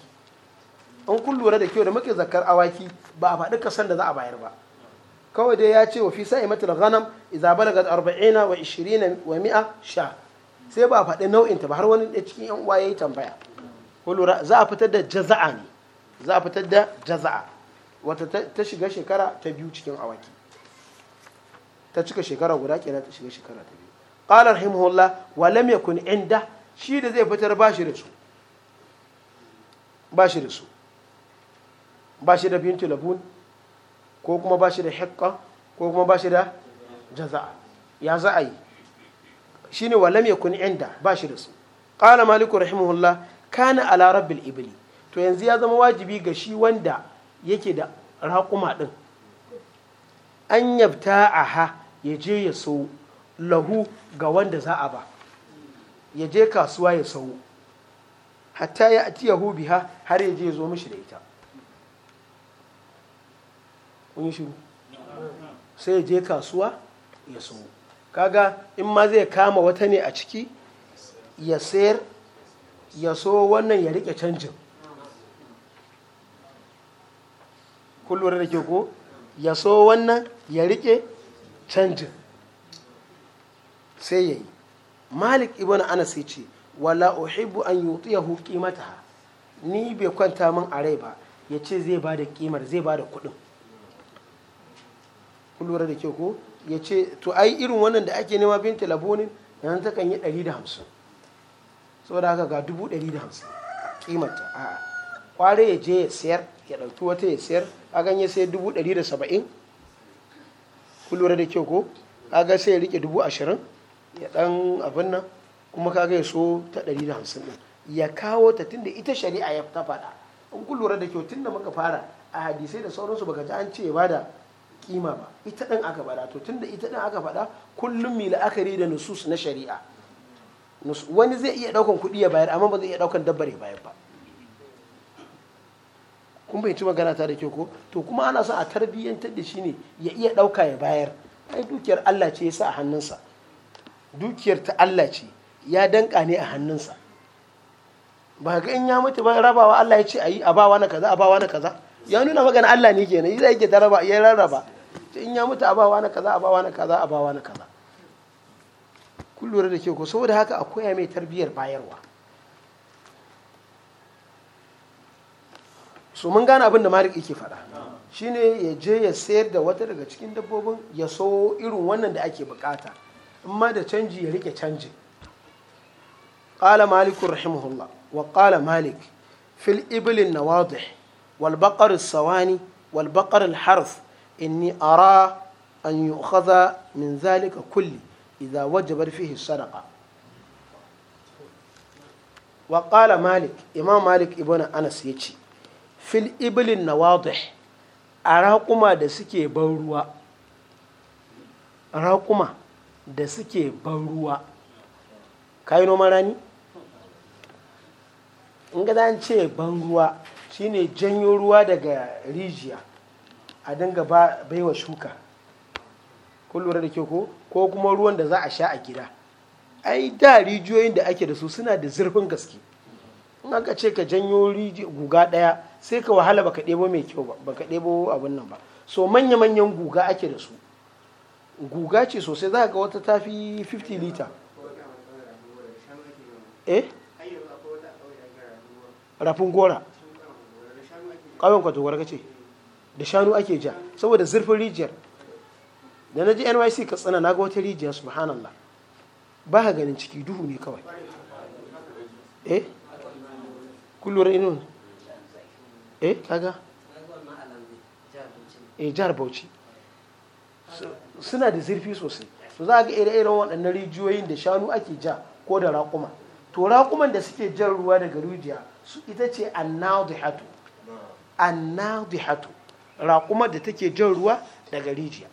an kun lura da kyau da muke zakar awaki ba a faɗi kasan da za a bayar ba kawai dai ya ce wa fi sa'imatul ghanam idza balagat arba'ina wa 20 wa mi'a sha sai ba a faɗi nau'in ta ba har wani cikin yan uwa ya yi tambaya ko lura za a fitar da jaza'a ne za a fitar da jaza'a wata ta shiga shekara ta biyu cikin awaki ta cika shekara guda kenan ta shiga shekara ta biyu qala rahimahullah wa lam yakun inda shi da zai fitar ba shi da su ba shi da su ba shi da bintu labun ko kuma ba shi da hekka ko kuma ba shi da jaza'a ya za a yi shi ne walam ya kuni inda ba shi da su ƙala maliku rahimahullah kana a rabbil ibili to yanzu ya zama wajibi ga shi wanda yake da raƙuma ɗin an yabta aha ya je ya so lahu ga wanda za a ba ya je kasuwa ya sau hatta ya ati yahu biha har ya je ya zo mishi da ita kun yi shiru sai ya je kasuwa ya sau kaga in ma zai kama wata ne a ciki ya sayar ya so wannan ya rike canjin kullum da ke ko ya so wannan ya rike canjin sai ya yi malik ibn anas ya ce wala uhibbu an yutiyahu qimataha ni bai kwanta min a rai ba ya ce zai ba da kimar zai ba da kuɗin lura da ke ko ya ce to ai irin wannan da ake nema bin talabonin yanzu ta kan yi 150 saboda haka ga 150 kimarta a kware ya je ya sayar ya ɗauki wata ya sayar a ganye sai 170 dubu ɗari da ke ko a ga sai ya rike ashirin. ya dan abin nan kuma kaga ya so ta 150 din ya kawo ta tunda ita shari'a ya ta faɗa in kun lura da kyau tunda muka fara a hadisai da sauransu baka ji an ce ba da kima ba ita din aka faɗa to tunda ita din aka faɗa kullum mi la'akari da nusus na shari'a wani zai iya daukan kuɗi ya bayar amma ba zai iya daukan dabbar ya bayar ba kun bai ci magana ta da kyau ko to kuma ana son a tarbiyyantar da shi ne ya iya dauka ya bayar ai dukiyar Allah ce ya sa a hannunsa dukiyar ta Allah ce ya danka ne a hannunsa ba ga in ya mutu ba rabawa Allah ya ce a yi a bawa na kaza a bawa na kaza ya nuna magana Allah ne kenan yi zai ke ta raba ya rarraba in ya mutu a bawa na kaza a bawa na kaza a bawa na kaza kun da ke ko saboda haka a koya mai tarbiyyar bayarwa su mun gane abin da malik yake faɗa shine ya je ya sayar da wata daga cikin dabbobin ya so irin wannan da ake bukata in ma da canji ya rike canji ƙala malik rahimahullah wa qala malik fil ibl an nawadih wal baqar as sawani wal harf inni ara an yu'khadha min zalika kulli idha wajabat fihi sadaka wa qala malik imam malik ibn anas ya ce fil ibl an nawadih a raƙuma da suke ban ruwa raƙuma da suke ban ruwa ka yi noman rani in ga an ce ban ruwa shine janyo ruwa daga rijiya a dinga baiwa shuka kun lura da ke ko kuma ruwan da za a sha a gida ai da rijiyoyin da ake da su suna da zurfin gaske in aka ce ka janyo guga daya sai ka wahala baka ɗebo mai kyau ba baka ɗebo abin nan ba so manya-manyan guga ake da su guga ce sosai za ga wata tafi 50 lita eh rafin gora ƙauyen ka ce da shanu ake ja saboda zurfin rijiyar da na ji nyc ka tsana na ga wata rijiyar subhanallah ba ha ganin ciki duhu ne kawai eh kullum inu eh kaga eh jihar bauchi suna da zurfi sosai to za a ga ire-iren waɗannan rijiyoyin da shanu ake ja ko da raƙuma to raƙuman da suke jan ruwa daga rijiya su ita ce annadihatu annadihatu raƙumar da take jan ruwa daga rijiya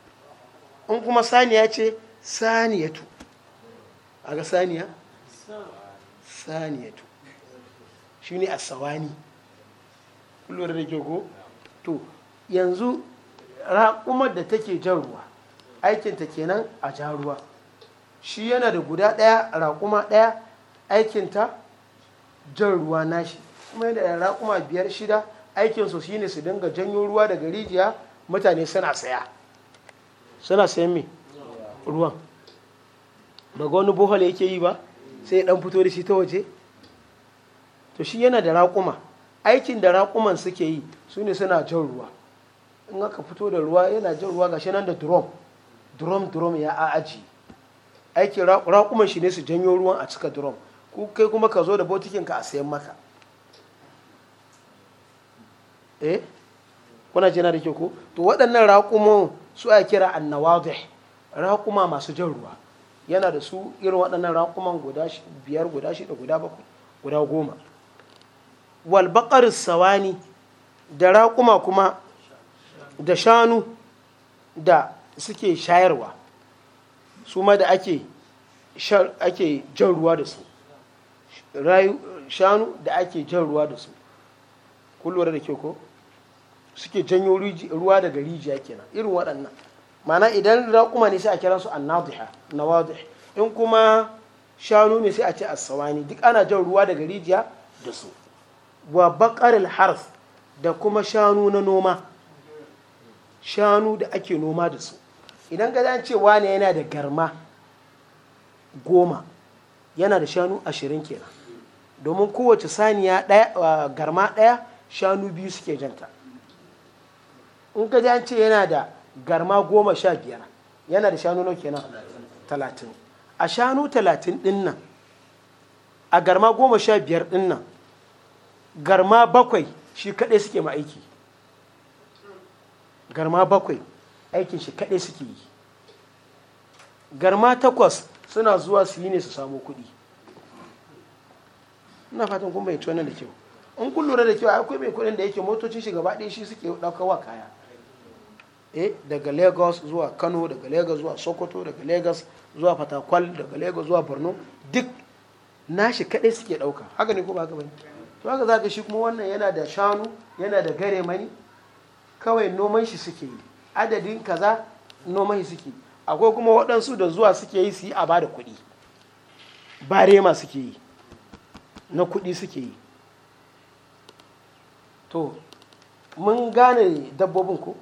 in kuma saniya ce saniyatu a ga saniya saniyatu shi ne a sawani kullum da ke ko to yanzu raƙumar da take jan ruwa aikinta kenan a ja ruwa shi yana da guda ɗaya raƙuma ɗaya aikinta jan ruwa nashi kuma yana da raƙuma biyar shida aikin su shine su dinga janyo ruwa daga rijiya mutane suna saya suna sayan me ruwan daga wani bohol yake yi ba sai ya dan fito da shi ta waje to shi yana da raƙuma aikin da raƙuman suke yi su ne suna jan ruwa in aka fito da ruwa yana jin ruwa gashi nan da drum drum drum ya aji aiki raƙuman shi ne su janyo ruwan a cika drum ku kai kuma ka zo da botikin ka a sayan maka eh kuna jina da kyau ko to waɗannan raƙuman su a kira annawadih raƙuma masu jan ruwa yana da su irin waɗannan raƙuman guda biyar guda shida guda bakwai guda goma wal sawani da raƙuma kuma da shanu da suke shayarwa su ma da ake ake jan ruwa da su shanu da ake jan ruwa da su kullum da ke ko suke janyo ruwa daga rijiya kenan irin waɗannan mana idan raƙuma ne sai a kira su annadiha nawadih in kuma shanu ne sai a ce asawani duk ana jan ruwa daga rijiya da su wa baƙaril harf da kuma shanu na noma shanu da ake noma da su idan ga zan ce wane yana da garma goma yana da shanu ashirin kenan domin kowace saniya garma ɗaya shanu biyu suke janta in ga zan ce yana da garma goma sha biyar yana da shanu nau kenan talatin a shanu talatin din nan a garma goma sha biyar din nan garma bakwai shi kaɗai suke ma aiki garma bakwai aikin shi kaɗai suke yi garma takwas suna zuwa su yi ne su samu kuɗi ina fatan kun bai wannan da kyau in kun lura da kyau akwai mai kuɗin da yake motocin shi gaba ɗaya shi suke ɗaukawa kaya eh daga lagos zuwa kano daga lagos zuwa sokoto daga lagos zuwa fatakwal daga lagos zuwa borno duk nashi kaɗai suke ɗauka haka ne ko ba haka bane to haka za ka shi kuma wannan yana da shanu yana da gare mani kawai noman shi suke yi adadin kaza noman shi suke akwai kuma waɗansu da zuwa suke yi su yi a bada kuɗi ba rema suke yi na kuɗi suke yi to mun gane dabbobin ko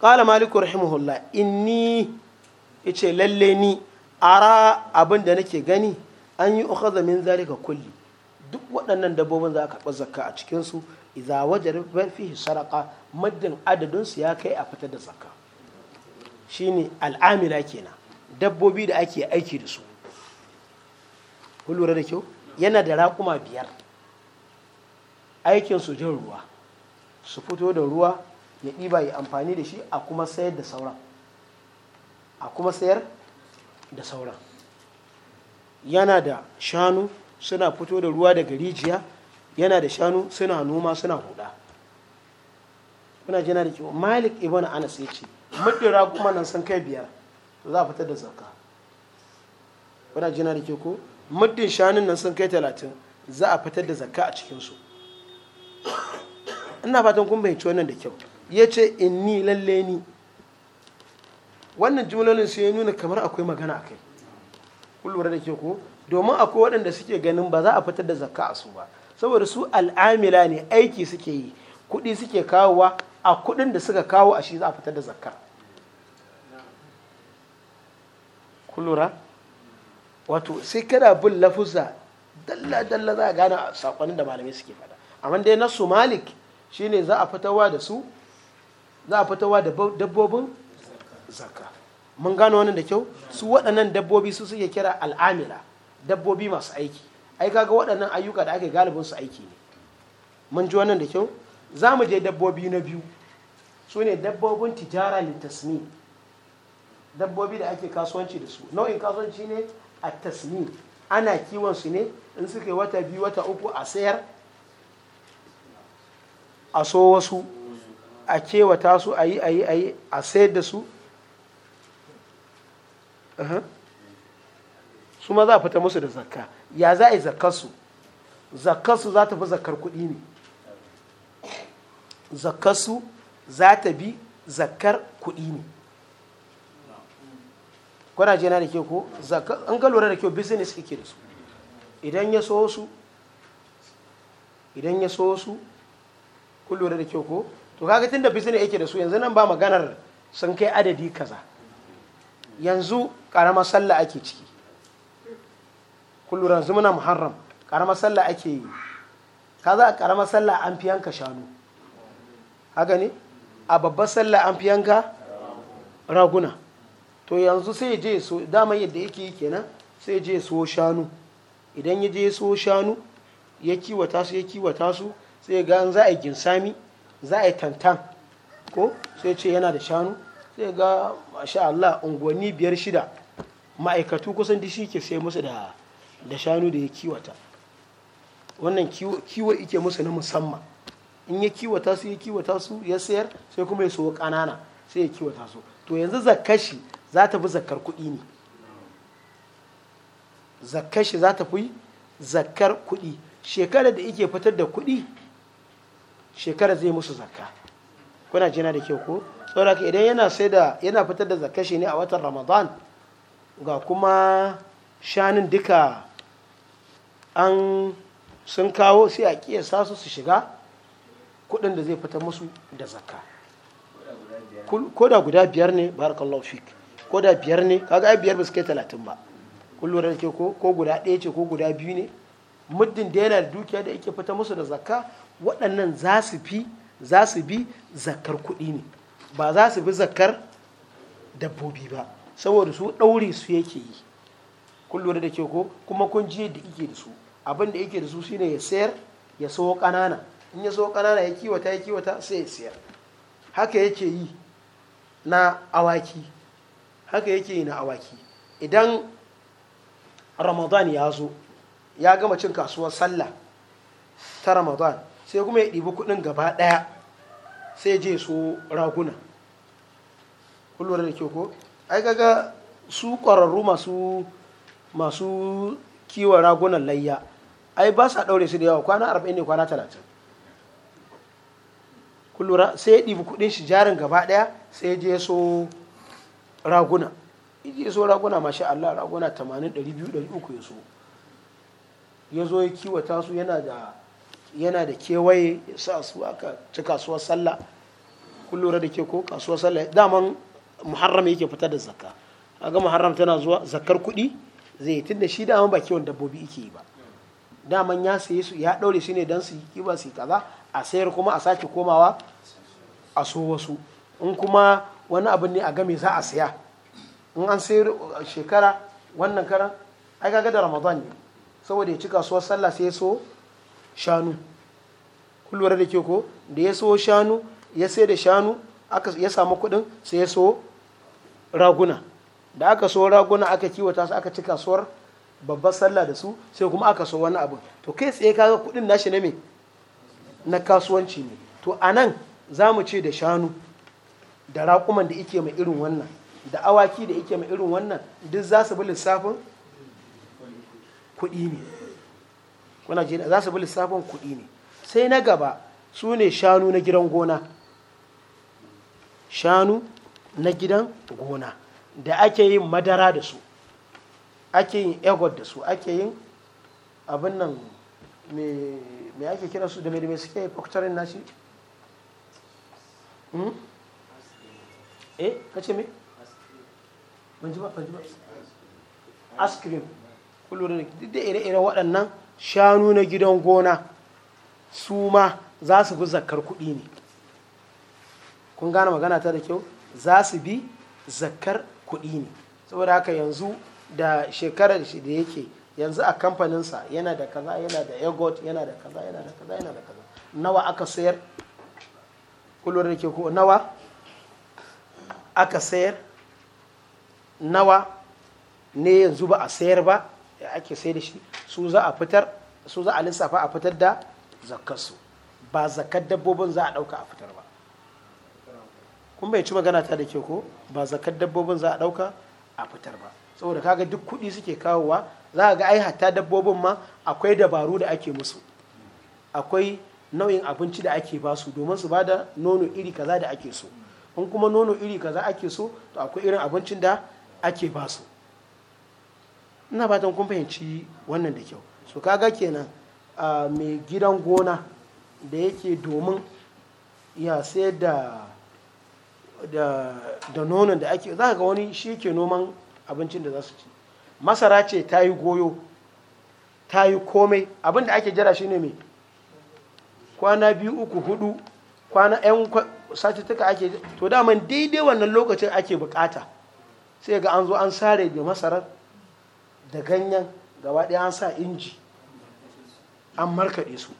ƙala maliku rahimahullah inni ce lalle ni ara abin da nake gani an yi ukhadha min zalika kulli duk waɗannan dabbobin za a karɓi zakka a cikinsu Iza wajar fihi sadaqa maddin adadin su ya kai a fitar da zakka shine al'amina kenan dabbobi da ake aiki da su ku da kyau yana da raƙuma biyar aikin su jin ruwa su fito da ruwa ya ɗiba ya amfani da shi a kuma sayar da sauran a kuma sayar da sauran yana da shanu suna fito da ruwa daga rijiya yana da shanu suna noma suna huda kuna jina da kyau malik ibn anas ya ce madira kuma nan san kai biyar za a fitar da zakka kuna jina da kyau ko muddin shanun nan sun kai talatin za a fitar da zakka a cikinsu ina fatan kun bayyanci wannan da kyau ya ce inni lalle ni wannan jimlolin su ya nuna kamar akwai magana a kai kullum da ke ko domin akwai waɗanda suke ganin ba za a fitar da zakka a su ba saboda su al'amila ne aiki suke yi kuɗi suke kawowa a kuɗin da suka kawo a shi za a fitar da zakka kulura wato sai kada bin lafuza dalla-dalla za a gane saƙonin da malamai suke faɗa amma dai na su malik shine za a fitarwa da su za a fitarwa da dabbobin zakka mun gano wannan da kyau su waɗannan dabbobi su suke kira al'amila dabbobi masu aiki ai kaga waɗannan ayyuka da ake galibin su aiki ne mun ji wannan da kyau za mu je dabbobi na biyu su ne dabbobin tijara litasmi dabbobi da ake kasuwanci da su nau'in kasuwanci ne a tasmi ana kiwon su ne in suka yi wata biyu wata uku a sayar a so wasu a kewata su a yi a yi a yi a sayar da su su ma za a fita musu da zakka ya za a yi zakkarsu zakkarsu za ta fi zakkar kuɗi ne zakkarsu za ta bi zakkar kuɗi ne kuna jina da ke ko an ga lura da kyau business yake da su idan ya so su idan ya so su kun lura da kyau ko to kaga tun da business yake da su yanzu nan ba maganar sun kai adadi kaza yanzu karamar sallah ake ciki kullum yanzu muna muharram karamar sallah ake yi ka za a karamar sallah an fi yanka shanu haka ne a babbar sallah an fi yanka raguna to yanzu sai je so dama yadda yake yi kenan sai je so shanu idan ya je so shanu ya kiwata su ya kiwata su sai ga za a yi ginsami za a yi tantan ko sai ce yana da shanu sai ga masha Allah unguwanni biyar shida ma'aikatu kusan dishi ke sai musu da da shanu da ya kiwata wannan kiwo ike musu na musamman in ya kiwata su ya kiwata su ya sayar sai kuma ya sowa kanana sai ya kiwata su to yanzu zakashi za ta fi zakar kuɗi ne zakashi za ta fi zakar kuɗi shekarar da ike fitar da kuɗi shekarar zai musu zakka kuna jina da kyau ko tsoraka idan yana sai da yana fitar da zakashi ne a watan ramadan ga kuma shanin duka an sun kawo sai a kiyasta su su shiga kudin da zai fita musu da zakka ko da guda biyar ne barakallahu fik ko da biyar ne kaga ai biyar ba su kai talatin ba kullum da ke ko guda ɗaya ce ko guda biyu ne muddin da yana da dukiya da yake fita musu da zakka waɗannan za su fi za su bi zakkar kuɗi ne ba za su bi zakkar dabbobi ba saboda su ɗaure su yake yi kullum da ke ko kuma kun ji yadda ike da su abin da yake da su shine ya sayar ya sawo ƙanana in ya sawo ƙanana ya kiwata ya kiwata sai ya sayar haka yake yi na awaki haka yake yi na awaki idan ramadan ya zo ya gama cin kasuwar sallah ta ramadan sai kuma ya ɗibi kuɗin gaba ɗaya sai je so raguna kullum da kyau ko ai kaga su ƙwararru masu masu kiwon ragunan layya ai ba sa ɗaure su da yawa kwana arba'in ne kwana talatin kullura sai ya ɗibi kuɗin shi jarin gaba ɗaya sai ya je so raguna ya so raguna masha Allah raguna tamanin ɗari biyu ɗari uku ya so ya zo ya kiwata su yana da yana da kewaye ya sa su aka ci kasuwar sallah kullura da ke ko kasuwar sallah daman muharram yake fitar da zakka ga muharram tana zuwa zakkar kuɗi zai da tunda shi dama ba kiwon dabbobi yake yi ba daman ya saye su ya daure su ne don su yi kiba su yi kaza a sayar kuma a sake komawa a so wasu in kuma wani abin ne a game za a saya in an sayar uh, shekara wannan karan ai kaga da ramadan ne saboda ya ci kasuwar sallah sai ya so shanu kulwar da ke ko da ya so shanu ya sai da shanu ya samu kuɗin sai ya so raguna da aka so raguna aka kiwata su aka ci kasuwar babbar sallah da su sai kuma aka so wani abu to kai tsaye kaga kudin nashi na me na kasuwanci ne to anan za mu ce da shanu da raƙuman da ike mai irin wannan da awaki da ike mai irin wannan duk za su bi lissafin kuɗi ne kuna jina za su bi lissafin kuɗi ne sai na gaba su ne shanu na gidan gona shanu na gidan gona da ake yin madara da su ake yin egot da su ake yin abin nan mai ake kira su da mai suke faktorin nashi hmm? eh kace me banji ba banji ba ice da duk ire-ire waɗannan shanu na gidan gona su ma za su bi zakar kuɗi ne kun gane magana ta da kyau za su bi zakar kuɗi ne saboda haka yanzu da shekarar shi da yake yanzu a kamfaninsa yana da kaza yana da yagot yana da kaza yana da kaza yana da kaza nawa aka sayar kullum da ke ko nawa aka sayar nawa ne yanzu ba a sayar ba ake sayar da shi su za a fitar su za a lissafa a fitar da zakkasu ba zakkar dabbobin za a ɗauka a fitar ba kun bai ci magana ta da ke ko ba zakar dabbobin za a ɗauka a fitar ba saboda kaga duk kuɗi suke kawowa za a ga ai hatta dabbobin ma akwai dabaru da ake musu akwai nau'in abinci da ake basu domin su bada nono iri kaza da ake so in kuma nono iri kaza ake so to akwai irin abincin da ake basu ina fatan kun fahimci wannan da kyau so kaga kenan ah, mai gidan gona da yake domin ya sayar da da nonon da ake za ga wani shi ke noman abincin da za su ci masara ce ta yi goyo ta yi komai abin da ake jira shi ne mai kwana biyu uku hudu kwana yan satuttuka ake to daman daidai wannan lokacin ake bukata sai ga an zo an sare da masara da ganyen gaba ɗaya an sa inji an markaɗe su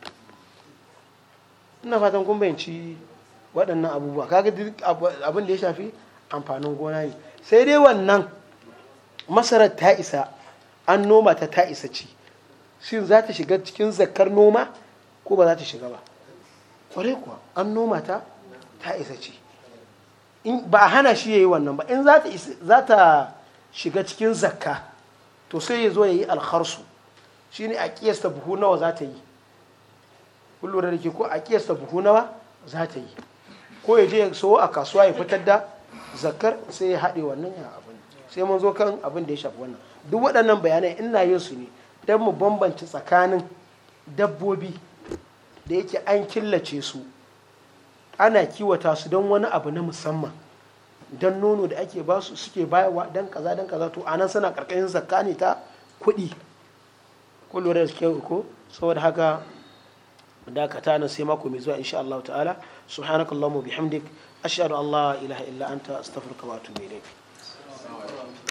ina fatan kun bayanci waɗannan abubuwa kaga abin da ya shafi amfanin gona ne sai dai wannan masarar ta isa an noma ta ta isa ci shin za ta shiga cikin zakar noma ko ba za ta shiga ba kwarai kuwa an noma ta ta isa ci ba a hana shi ya yi wannan ba in za ta shiga cikin zakka to sai ya zo ya yi alharsu shi ne a kiyasta buhu nawa za ta yi kullum da ke ko a kiyasta buhu nawa za ta yi ko ya je ya so a kasuwa ya fitar da zakar sai ya haɗe wannan abin sai mun zo kan abin da ya shafi wannan duk waɗannan bayanai ina yin su ne don mu bambanci tsakanin dabbobi da yake an killace su ana kiwata su don wani abu na musamman don nono da ake ba su suke bayarwa don kaza don kaza to anan suna karkashin zakka ne ta kuɗi ko lura da suke ko saboda haka dakata nan sai mako mai zuwa insha Allah ta'ala subhanakallahumma bihamdik ashhadu an la ilaha illa anta astaghfiruka wa atubu ilayk